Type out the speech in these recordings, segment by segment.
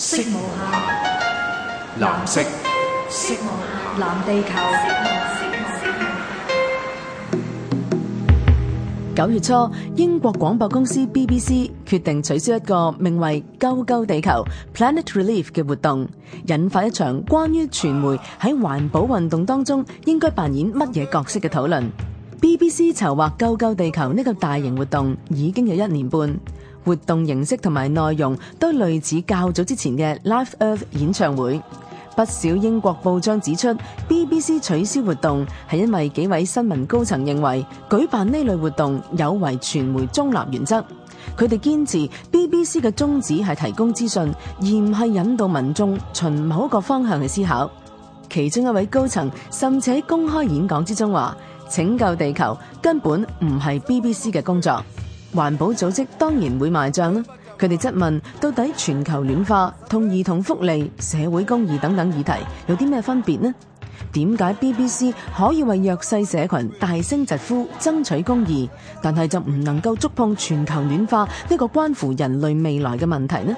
藍色。藍色。藍色。藍地球。九月初，英國廣播公司 BBC 決定取消一個名為《救救地球》（Planet Relief） 嘅活動，引發一場關於傳媒喺環保運動當中應該扮演乜嘢角色嘅討論。BBC 籌劃《救救地球》呢、這個大型活動已經有一年半。活動形式同埋內容都類似較早之前嘅 Live Earth 演唱會。不少英國報章指出，BBC 取消活動係因為幾位新聞高層認為舉辦呢類活動有違傳媒中立原則。佢哋堅持 BBC 嘅宗旨係提供資訊，而唔係引導民眾循某個方向去思考。其中一位高層甚至喺公開演講之中話：拯救地球根本唔係 BBC 嘅工作。環保組織當然會埋賬啦，佢哋質問到底全球暖化同兒童福利、社會公義等等議題有啲咩分別呢？點解 BBC 可以為弱勢社群大聲疾呼爭取公義，但係就唔能夠觸碰全球暖化呢個關乎人類未來嘅問題呢？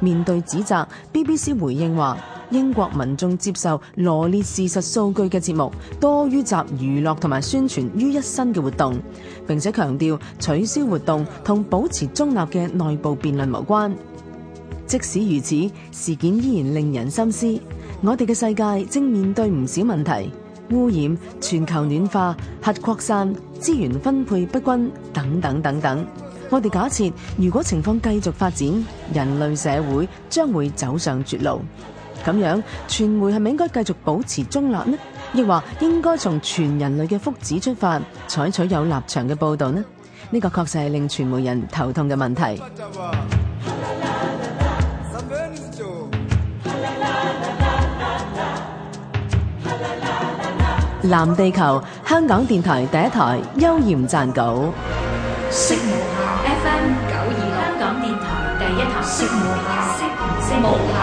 面對指責，BBC 回應話。英國民眾接受羅列事實數據嘅節目多於集娛樂同埋宣傳於一身嘅活動，並且強調取消活動同保持中立嘅內部辯論無關。即使如此，事件依然令人深思。我哋嘅世界正面對唔少問題：污染、全球暖化、核擴散、資源分配不均等等等等。我哋假設，如果情況繼續發展，人類社會將會走上絕路。咁樣，傳媒係咪應該繼續保持中立呢？亦或應該從全人類嘅福祉出發，採取有立場嘅報導呢？呢、這個確實係令傳媒人頭痛嘅問題。藍地球，香港電台第一台，邱焱撰稿。FM 九二，香港電台第一台。